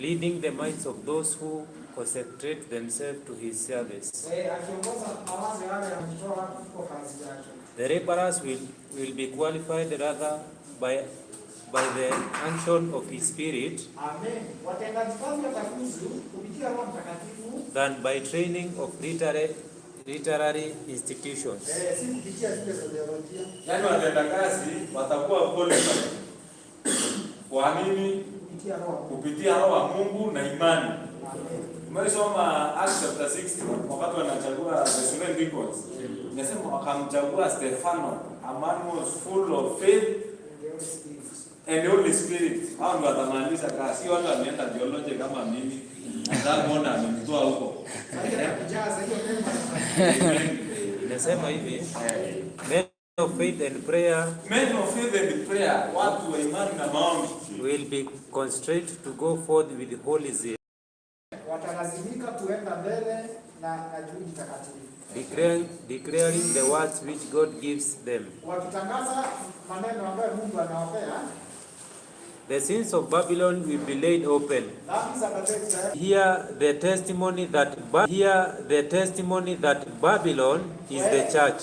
leading the minds of those who consecrate themselves to his service. The reparers will, will be qualified rather by, by the action of his spirit than by training of literary, literary institutions. kupitia roho wa Mungu na imani. Umesoma Acts chapter 6 wakati wanachagua the seven deacons. Inasema wakamchagua Stefano, a man was full of faith and Holy Spirit. Hao ndio watamaliza kazi. Sio watu wameenda theology kama mimi. Hata mbona amenitoa huko. Nasema hivi. of faith and prayer men of faith and prayer, watu wa imani na maombi will be constrained to go forth with holy zeal, watalazimika kuenda mbele na na juhudi takatifu, declaring the words which God gives them, wakitangaza maneno ambayo Mungu anawapea The sins of Babylon will be laid open. Hear the testimony that ba hear the testimony that Babylon is the church.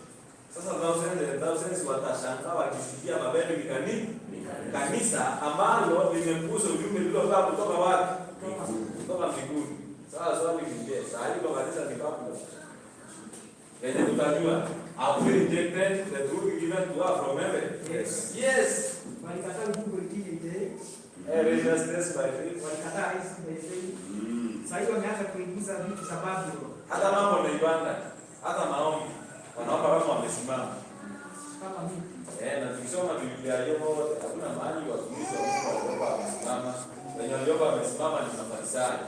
Sasa si watashangaa wakisikia mabendo ni kanisa kanisa ambalo limepuuza ujumbe kwa kutoka wapi? Kutoka mbinguni. Sasa swali ni je, sahihi kwa kanisa ni wapi? Yaani utajua have we rejected the good given to us from heaven? Yes. Yes. Walikataa ujumbe ulingine ile. Eh, this by faith. Walikataa hizi by faith. Mm. Sasa hiyo wameanza kuingiza vitu sababu hata mambo na ibada, hata maombi wanaomba kama wamesimama eh, na tukisoma Biblia Yoba hakuna mahali watumishi wamesimama. Wenye walioba wamesimama ni Mafarisayo.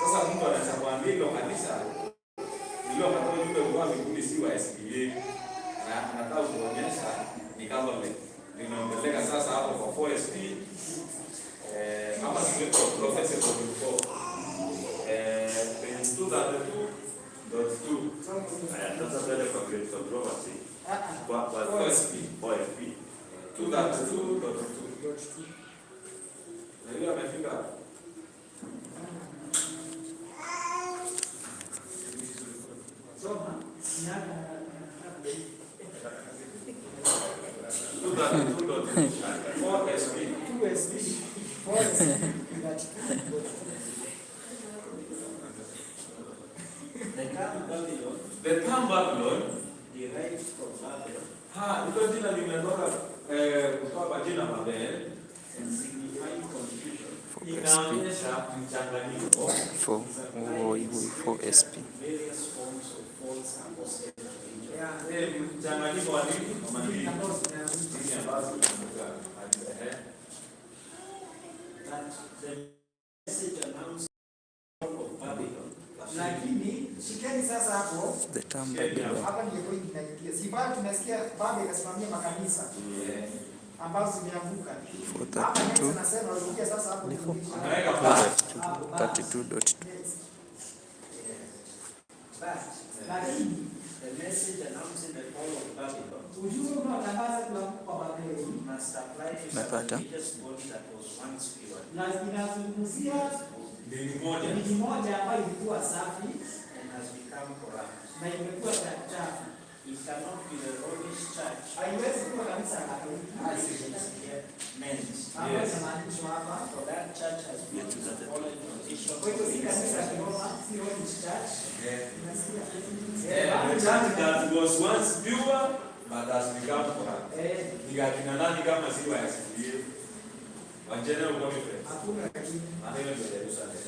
Sasa mtu anaweza kuambia hilo kanisa ndio ambapo yule kwa mbinguni si wa SPA na anataka kuonyesha ni government linaongezeka sasa hapo kwa forest eh, hapa sio kwa professor kwa mko eh kwenye studio za tu dot tu haya sasa mbele kwa grade controversy ah, ah. kwa kwa OSP OFP 2.2.2 Lakini shikeni sasa hapo. Hapa point inaingia. Si bado ikasimamia makanisa ambazo zimeanguka. Hapa tunasema rudia sasa hapo. Lakini the message announcing the fall of Babylon. Ujumbe unatangaza umepata na inazungumzia miji moja ambayo ilikuwa safi na imekuwa takatifu. Haiwezi kuwa kanisa Katoliki hapa. Kwa hiyo si kanisa ya Kiroma, si Romish Church mataasirikamura ni nani kama si wayasikie wajene ukomianayondoyerusalem ah,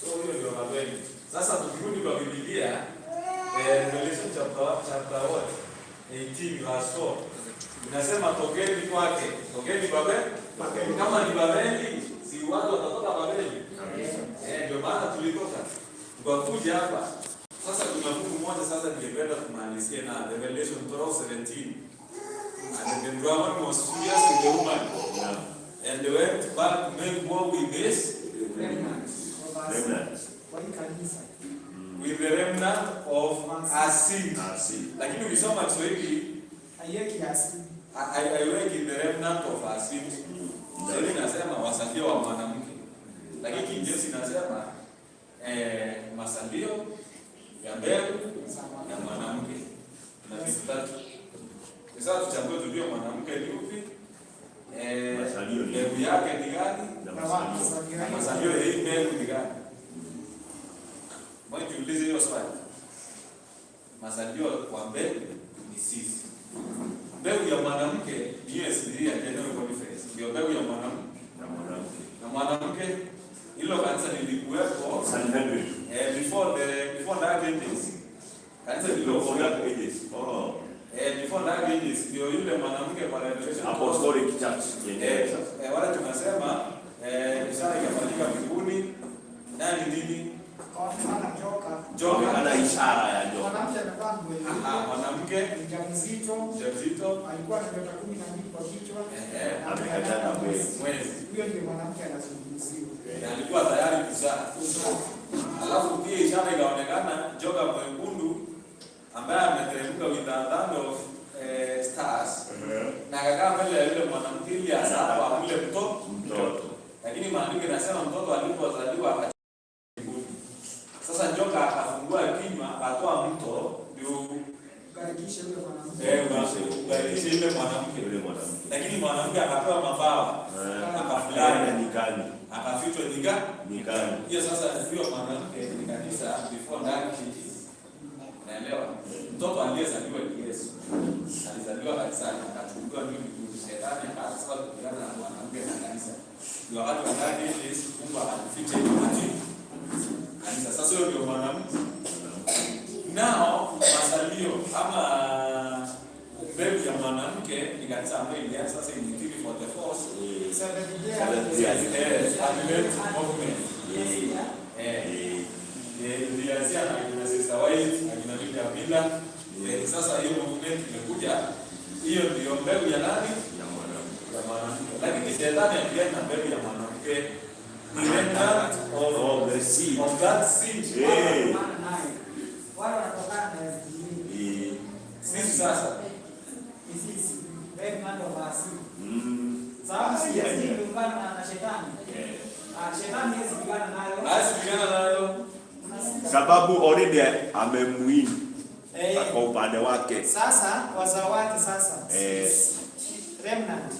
so huyo ndio mabweni sasa tukirudi kwa bibilia revelation eh, chapter 18 verse inasema tokeni kwake tokeni babeli kama ni babeli si watu watatoka babeli eh, ndio maana tulitoka tukakuja hapa moja sasa ningependa kumalizia na Revelation 12:17. And the dragon was furious with the woman and went back to make war with this remnant. Mm. With the remnant of Asin. Lakini ukisoma Kiswahili haiweki Asin. Haiweki the remnant of Asin. Mm. Sasa inasema wasalio wa mwanamke. Lakini Kiingereza inasema eh, masalio ya mbegu na mwanamke na vitu tatu. Sasa tuchambue tujue mwanamke ni upi, eh, mbegu yake ni gani, na masalio ya hii mbegu ni gani? Mbona tuulize hiyo swali. Masalio kwa mbegu ni sisi. Mbegu ya mwanamke ndiyo SDG ya gender qualifiers, ndio mbegu ya mwanamke na mwanamke, na mwanamke hilo kanisa lilikuwepo sasa ndio for ages. Oh. Eh, before that ages ndio yule mwanamke kwa revelation apostolic church yenyewe eh, sasa. Eh, wale tunasema eh, ishara ikafanyika mbinguni. Nani nini? Joka ana ishara ya joka. Mwanamke mjamzito mjamzito alikuwa na miaka 12 kwa kichwa. Eh, eh. amekatana mwezi. Huyo ndio mwanamke anazungumziwa. mtoto aliyezaliwa ni Yesu, alizaliwa kanisani, akachukuliwa mimi migumu, shetani akaanza kupigana na mwanamke na kanisa, ndio wakati wa ndani Yesu kumba alifiche hiyo kanisa. Sasa huyo ndio mwanamke nao masalio ama mbegu ya mwanamke ni kanisa ambayo ilianza sasa in the 44 movement, ilianzia na Sister White ya mila yeah. Yaani sasa hiyo movement imekuja, hiyo ndio mbegu ya nani? Ya mwanamke, ya mwanamke. Lakini shetani akilia na mbegu ya mwanamke sisi sasa sababu already amemwini eh, kwa upande wake sasa wazao wake sasa eh, remnant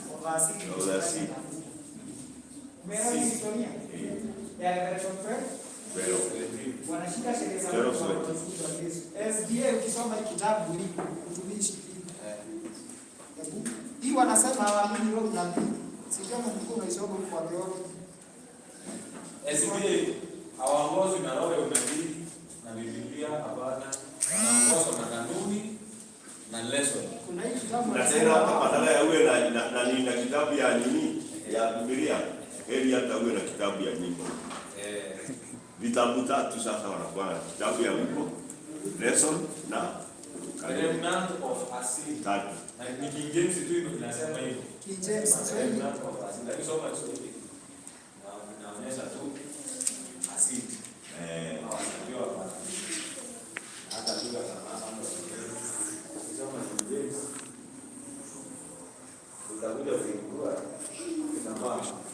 wanashika sheria za Ukisoma kitabu hii wanasema hawaamini roho na mbili, sio kama mkuu kwa roho. SDA hawaongozwi na roho ya unabii na Biblia, hapana wanaongozwa na kanuni na lesson. Na tena hata badala ya uwe na, na, na, na, na kitabu ya nini ya Biblia, heri hata uwe na kitabu ya nyimbo vitabu tatu sasa wanakuwa kitabu ya wimbo lesson na tatu utakuja kuigua ina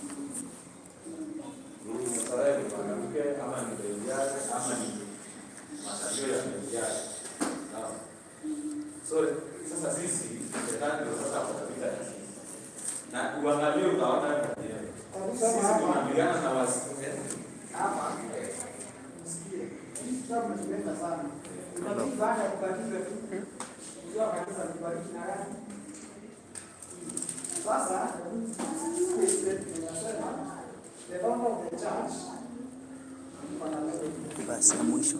czasach, devono the church. Chyba jest na młysiu.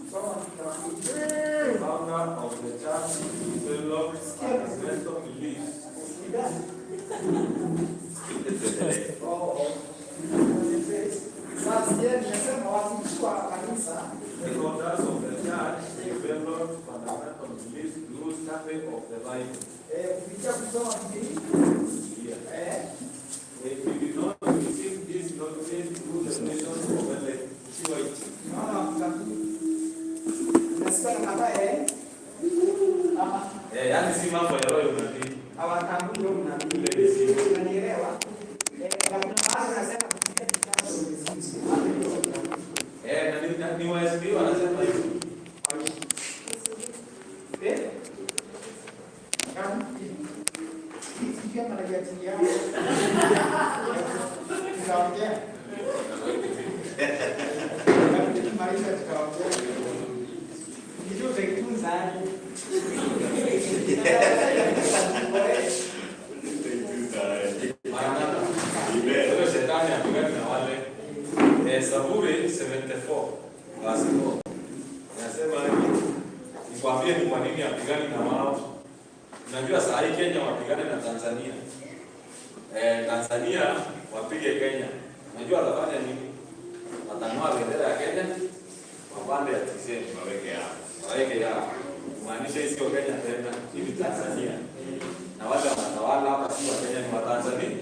Eee! Founder of the church, the Lord Skelton Leeds. The founders of the church developed fundamental beliefs through study of the Bible. Eee, Nikwambie ni kwa nini apigane na wao. Unajua saa hii Kenya wapigane na Tanzania. Eh, Tanzania wapige Kenya. Unajua watafanya nini? Watanua bendera ya Kenya, wapande ya tisini waweke hapo. Waweke hapo. Kumaanisha hii sio Kenya tena, hivi Tanzania. Na wale wanatawala hapa si wa Kenya ni wa Tanzania.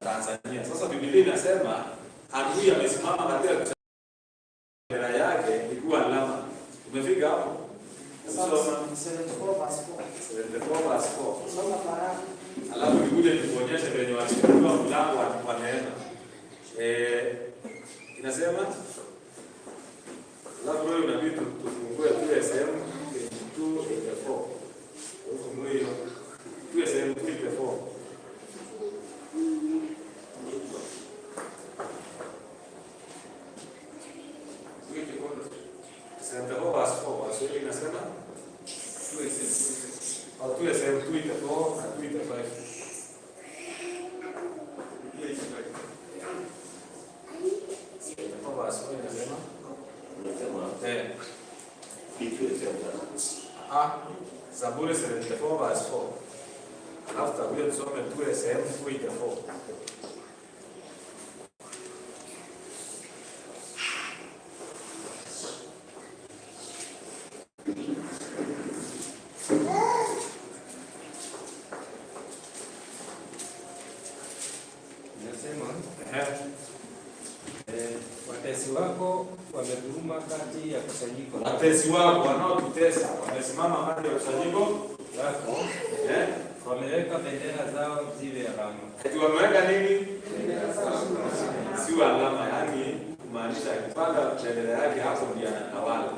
Tanzania. Sasa Biblia inasema adui amesimama katika bendera yake ikuwa alama. Umefika hapo? alafu nikuje nikuonyeshe venye walifunua mlango wa neema. Eh, inasema alafu wewe unabidi tufungue tu sehemu 284. Ufungue hiyo. Tu sehemu 284. watesi wao wanaotutesa wamesimama kati ya usajiko lako, eh, wameweka bendera zao ziwe alama. Eti wameweka nini? Sio alama, yani kumaanisha kipanda bendera yake, hapo ndio anatawala.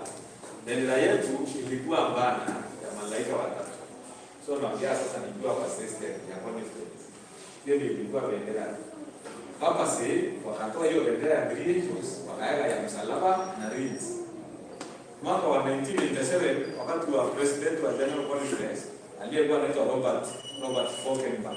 Bendera yetu ilikuwa mbana ya malaika watatu, so naongea sasa nikiwa kwa system ya hiyo ndio ilikuwa bendera hapa. Si wakatoa hiyo bendera ya three wakaweka ya msalaba na reeds mwaka wa 1997 wakati wa president wa General Conference aliyekuwa anaitwa Robert Robert Falkenberg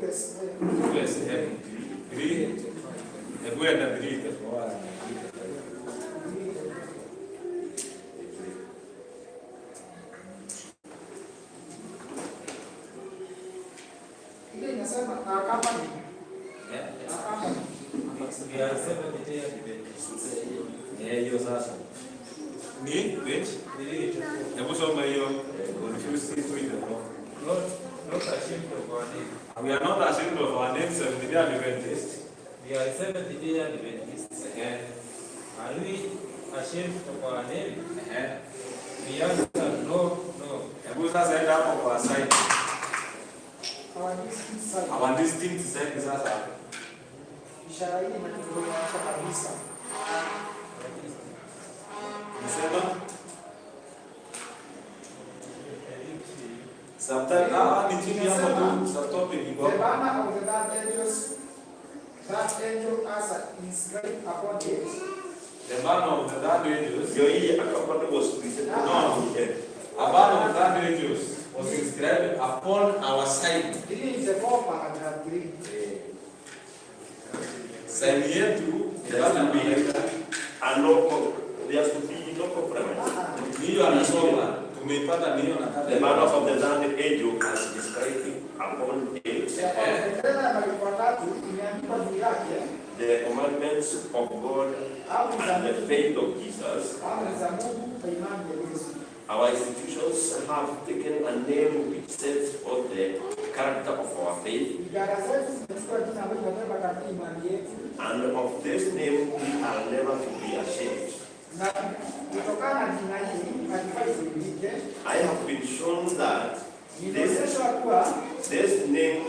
Bless heaven. Breathe. Edwenda breathe kwa wale. Hebu We are not ashamed of our name Seventh-day Adventists. We are Seventh-day Adventists. Uh-huh. Are we ashamed of our name? Uh-huh. We answer no, no. Hebu sasa enda hapo kwa sign. Our distinct sign ni sasa hapo. Ishara hii inatuonyesha kabisa. Nisema Sometimes, ah, ah nitiliamatu, sa topic iko. The banner of the dark angels, that angel answer is great upon him. The banner of the dark angels. Yo hii akapata was written on him. A banner of the dark angels was inscribed upon our side. Hii ah. ni former and have green. Sign yetu lazima iwe andoko, there should be no compromise. Hiyo anasoma Umeipata hiyo na the man of the learned angel has described upon it. Eh, eh, eh, the commandments of God and the faith of Jesus. Our institutions have taken a name which sets for the character of our faith. And of this name we are never to be ashamed. I have been shown that nilionyeshwa this name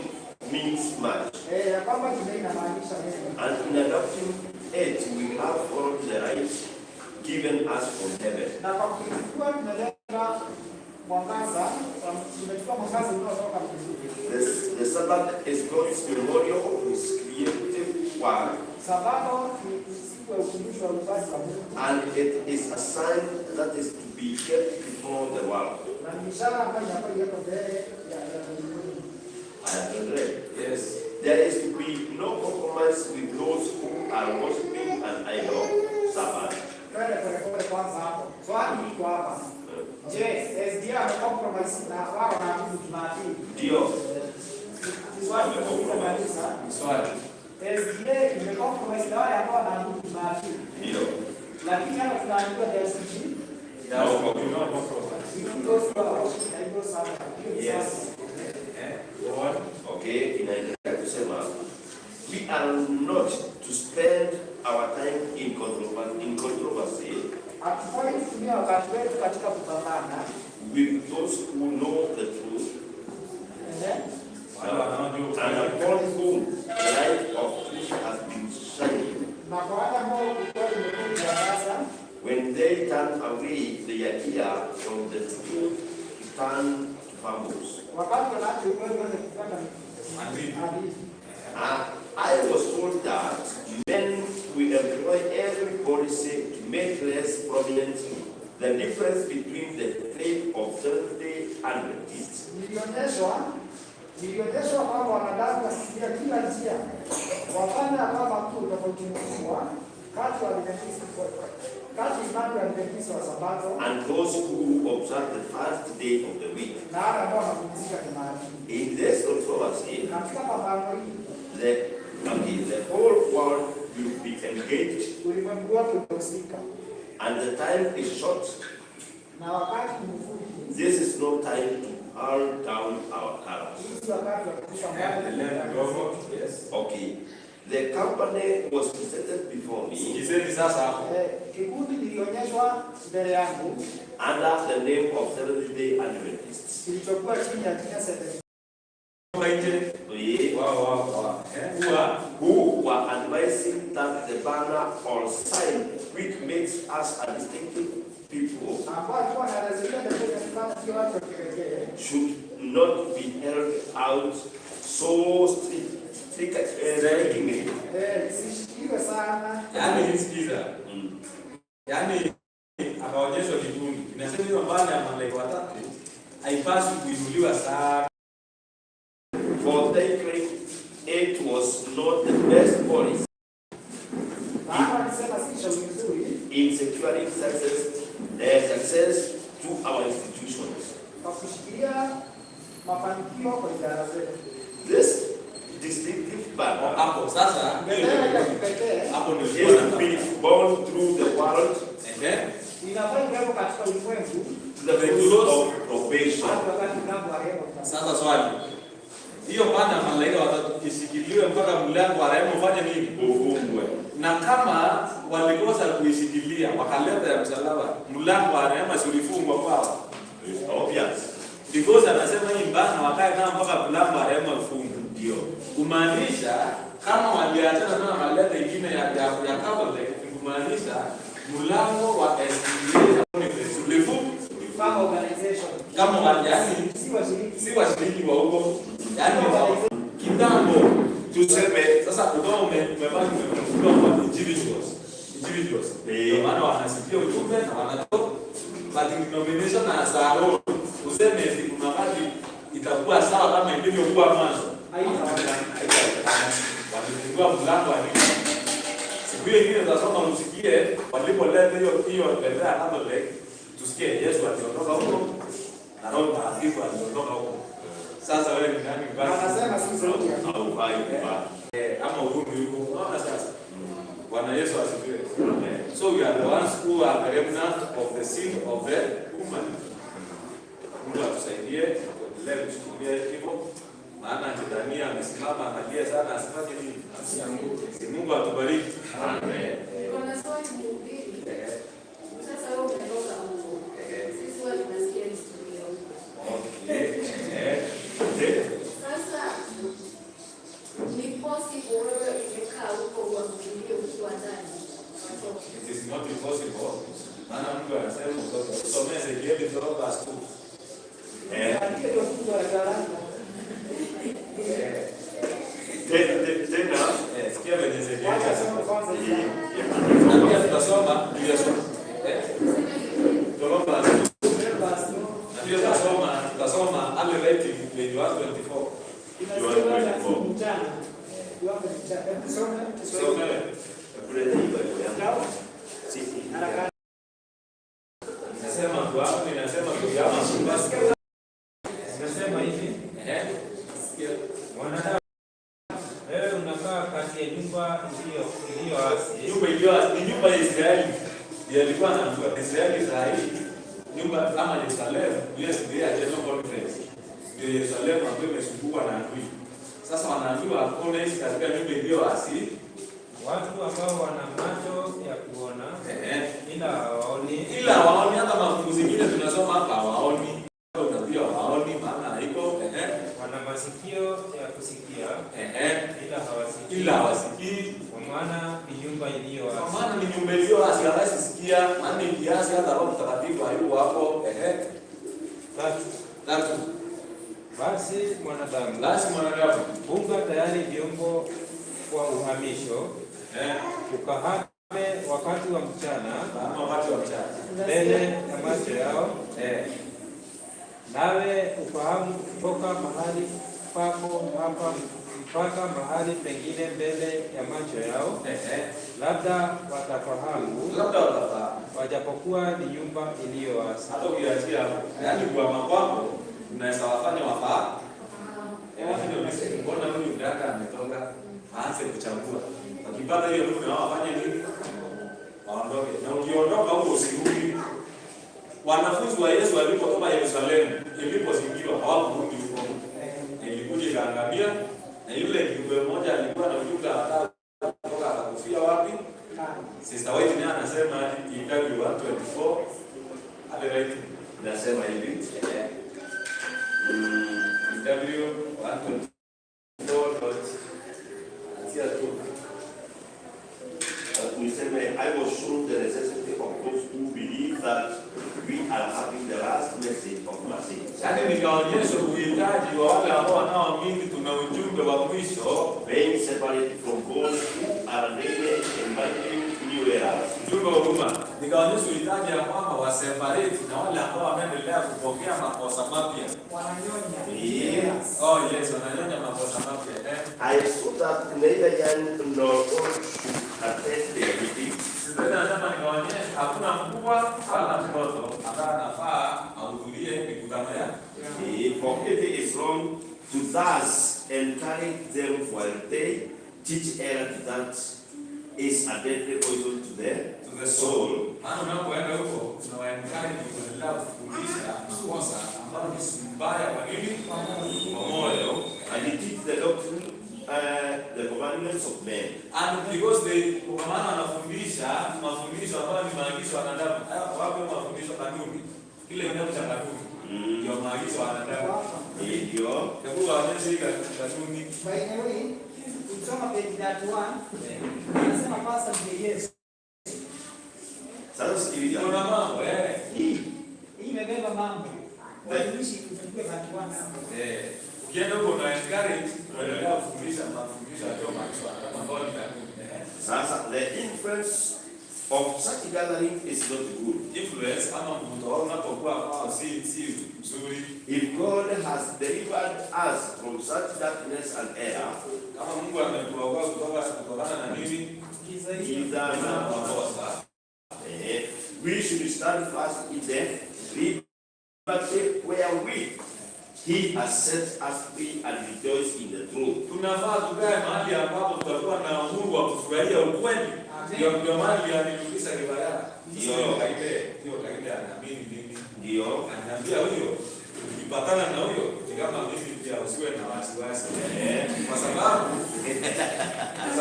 means much. And in adopting it, we have all the rights given us from heaven. The kwa The Sabbath is God's memorial of his creative word and it is a sign that is to be kept before the world. I have read. Yes. There is to be no compromise with those who are worshiping an idol, Sabbath. Eh. Ndio. Swali. Swali. SGA imekuwa compromise na wale ambao wanaamini maafiki. Ndio. Lakini hapa tunaambiwa the SGA ndio kwa kuna compromise. Ndio sawa. Yes. Eh, what? Okay, inaendelea kusema we are not to spend our time in controversy, in controversy. Hatufai kutumia wakati wetu katika kupambana with those who know the truth. away the idea from the two Tibetan bamboos. Uh, I was told that men will employ every policy to make less prominent the difference between the faith of Thursday and the East. Nilionyeshwa kwamba wanadamu wasikia kila njia wafanya kama tu tofauti mkubwa kati ya and those who observe the first day of the week. In this controversy, the, the whole world will be engaged. And the time is short. This is no time to hurl down our colors. Yes. Okay. The company was presented before me. Kizeni sasa eh, kikundi kilionyeshwa mbele yangu under the name of Seventh Day Adventists. Kilichokuwa chini ya jina Seventh Day. Wao wao eh, who ah? were advising that the banner or sign which makes us a distinctive people should not be held out so strictly nilisikiza sana, yaani nilisikiza, yaani akaonyeshwa kibuni kinasema hiyo mbali ya malaika watatu haipaswi kuinuliwa sana. it was not the best policy. In securing success, the success to our institutions hapo sasa, hapo ndio na be born through the world sasa swali hiyo maana malaika watakisikiliwe mpaka mlango wa rehema ufanye nini? Ufungwe. Na kama walikosa kuisikilia wakaleta ya msalaba, mlango wa rehema si ulifungwa kwao? Obvious. Because anasema hii mbana wakae kama mpaka mlango wa rehema ufungwe. Ndio. Kumaanisha kama waliachana na magari mengine ya ya Kabale kumaanisha mlango wa SDA kama waliani si washiriki wa huko, yani kitambo tuseme sasa, ukawa umebaki umefunga kwa individuals individuals, ndio maana wanasikia ujumbe na wanato but denomination na saao useme si kuna wakati itakuwa sawa kama ilivyokuwa mwanzo walifungua mlango wa hivi. Siku hiyo ingine tunasoma msikie walipoleta hiyo hiyo bendera Amalek, tusikie Yesu aliondoka huko na Roho Mtakatifu aliondoka huko. Sasa wewe ni nani mbaya? Anasema sisi wote au mbaya mbaya. Eh, ama urudi huko. Unaona sasa? Bwana Yesu asifiwe. So we are the ones who are the remnant of the seed of the woman. Mungu atusaidie, tuendelee kuchukulia hivyo maana akidhania amesimama analia sana asifanye nini? Asianguke. Si Mungu atubariki. Amen. Kuna swali mbili. nyumba iliyo ni nyumba ya Israeli yalikuwa na nyumba Israeli sahihi. nyumba ama Yerusalemu yes, siku ya General Conference ndio Yerusalemu ambayo imezungukwa na adui. Sasa wanaambiwa college katika nyumba iliyo asi. watu ambao wana macho ya kuona eh, ila waoni, ila waoni, Hata mafungu zingine tunasoma hapa waoni, unaambia hawaoni maana haiko eh, wana masikio ya kusikia eh, ila hawasikii, ila hawasikii maana ni nyumba iliyo wazi. Kwa maana ni nyumba iliyo wazi, hata sisikia maana ni kiasi hata Roho Mtakatifu hayuko hapo. Ehe. Tatu. Tatu. Basi mwanadamu. Basi mwanadamu. Funga tayari vyombo kwa uhamisho. Eh. Ukahame wakati wa mchana, wakati wa mchana. Mbele ya macho yao. Eh. Nawe ufahamu kutoka mahali pako hapa mpaka mahali pengine mbele ya macho yao, labda watafahamu, wajapokuwa ni nyumba iliyo wazi. Hata ukiachia yani unaweza wafanya wafahamu. Eh, mbona mdaka ametoka aanze kuchagua. hiyo wafanye nini? Waondoke. Na ukiondoka usirudi. Wanafunzi wa Yesu walipotoka Yerusalemu ilipozingirwa hawakurudi huko ikaangamia, na yule kiumbe mmoja alikuwa na ujumbe hatari kutoka akakufia wapi? Sister White naye anasema in Mathayo 1:24 Adelaide nasema hivi mm, I was shown the necessity of those who believe that we are having Yaani nikaonyesha uhitaji wa wale ambao wanaoamini tuna ujumbe wa mwisho, ujumbe wa huruma. Nikaonyesha uhitaji ya kwamba waseparate na wale ambao wameendelea kupokea makosa mapya. Oh yes, wananyonya makosa mapya. Eh. Nasema nikaonyesha hakuna mkubwa wala mtoto ambaye anafaa ahudhurie mikutano yake. For it is wrong to thus encourage them while they teach error that is a deadly poison to the to the soul. Maana unapoenda huko tunawaencourage kuendelea kufundisha kosa ambalo ni mbaya kwa nini? Kwa moyo. And teach the doctrine the commandments of men. And because the maana anafundisha mafundisho ambayo ni maagizo ya wanadamu. Wapo mafundisho kanuni. Kile kitabu cha kanuni. Mm. Ndio maagizo ya wanadamu. Ndio. Hebu waonyeshe ile kanuni. By the way, ukisoma page 31, anasema pasa ni Yesu. Sasa sikiliza. Kuna mambo eh. Hii imebeba mambo. Watumishi kufikia watu wanao. Eh. Ukienda huko na encourage kuendelea sasa the influence of such gathering is not good. Influence ama mvuto wao unapokuwa kwa si si mzuri. If God has delivered us from such darkness and error, kama Mungu ametuokoa kutoka kutokana na nini? Giza na makosa. Eh, we should stand fast in the liberty where we He has set us free and rejoice in the truth. Tunafaa tukae mahali ambapo tutakuwa na uhuru wa kufurahia ukweli. Ndio ndio maana Ndio kaibe, ndio kaibe anaamini Ndio huyo ukipatana na huyo kama mimi pia usiwe na wasiwasi. Kwa sababu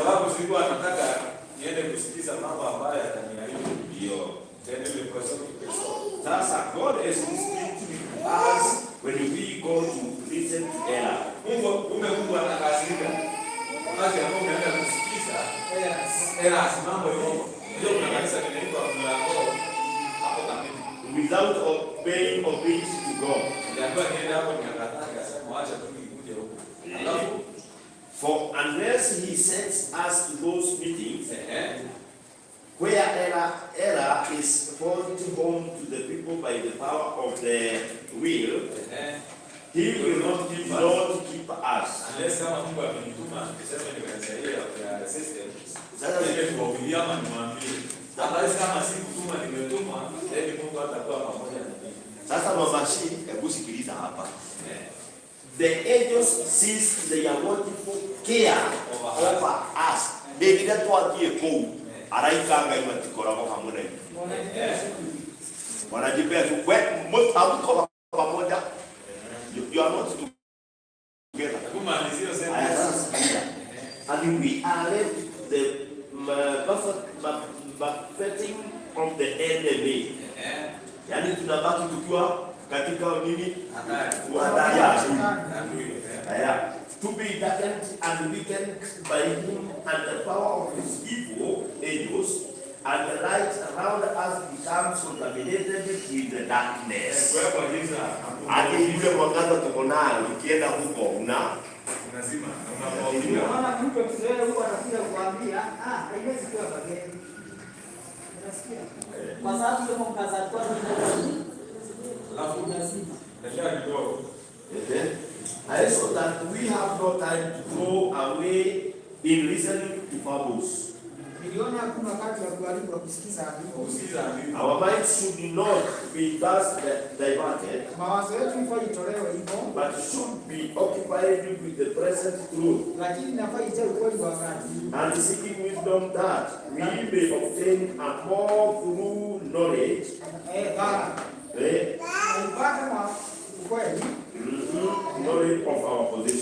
kwa sababu niende kusikiza mambo ambayo Ndio. Tena sasa God is speaking to us when we go to listen to error. Mungu kumbe Mungu anakasirika. Wakati ambao unaenda kusikiza errors, errors mambo yao. Ndio kuna kanisa linaitwa mlango hapo kamili. Without obeying obedience to God. Ndio nienda hapo nikakataka sema acha tu ikuje huko. Alafu for unless he sends us to those meetings eh, where error error is brought home to the people by out of the will, he will not keep, Lord keep us. Sasa mamashi, hebu sikiliza hapa. Eh. The angels sees their wonderful care over us. David atuambie kou araikanga imatikorago hamwe na eh. depend tu wewe most hamko pamoja. You, you are not together. And we are left the buffeting of the enemy. Uh-huh. Yaani tunabaki tukiwa katika nini? Hatari ya To be darkened and weakened by him and the power of his evil and the light around us becomes contaminated with the darkness. Hata ile mwangaza tuko nayo ukienda huko una lazima unaona maana mtu mzee huko anakuja kuambia ah, haiwezi kuwa bageni. Unasikia? Eh. Kwa sababu kama mkaza kwa alafu lazima ndio kidogo. Eh? I saw that we have no time to go away in listening to fables. hakuna wakati wa kuharibu wa kusikiza Our minds should not be thus diverted. Mawazo yetu itolewe hivyo. But should be occupied with the present truth. Lakini nafai itoe ukweli wa wakati. And seeking wisdom that we may obtain a more true knowledge. Eh, bara. Eh. Mm-hmm. Knowledge of our position.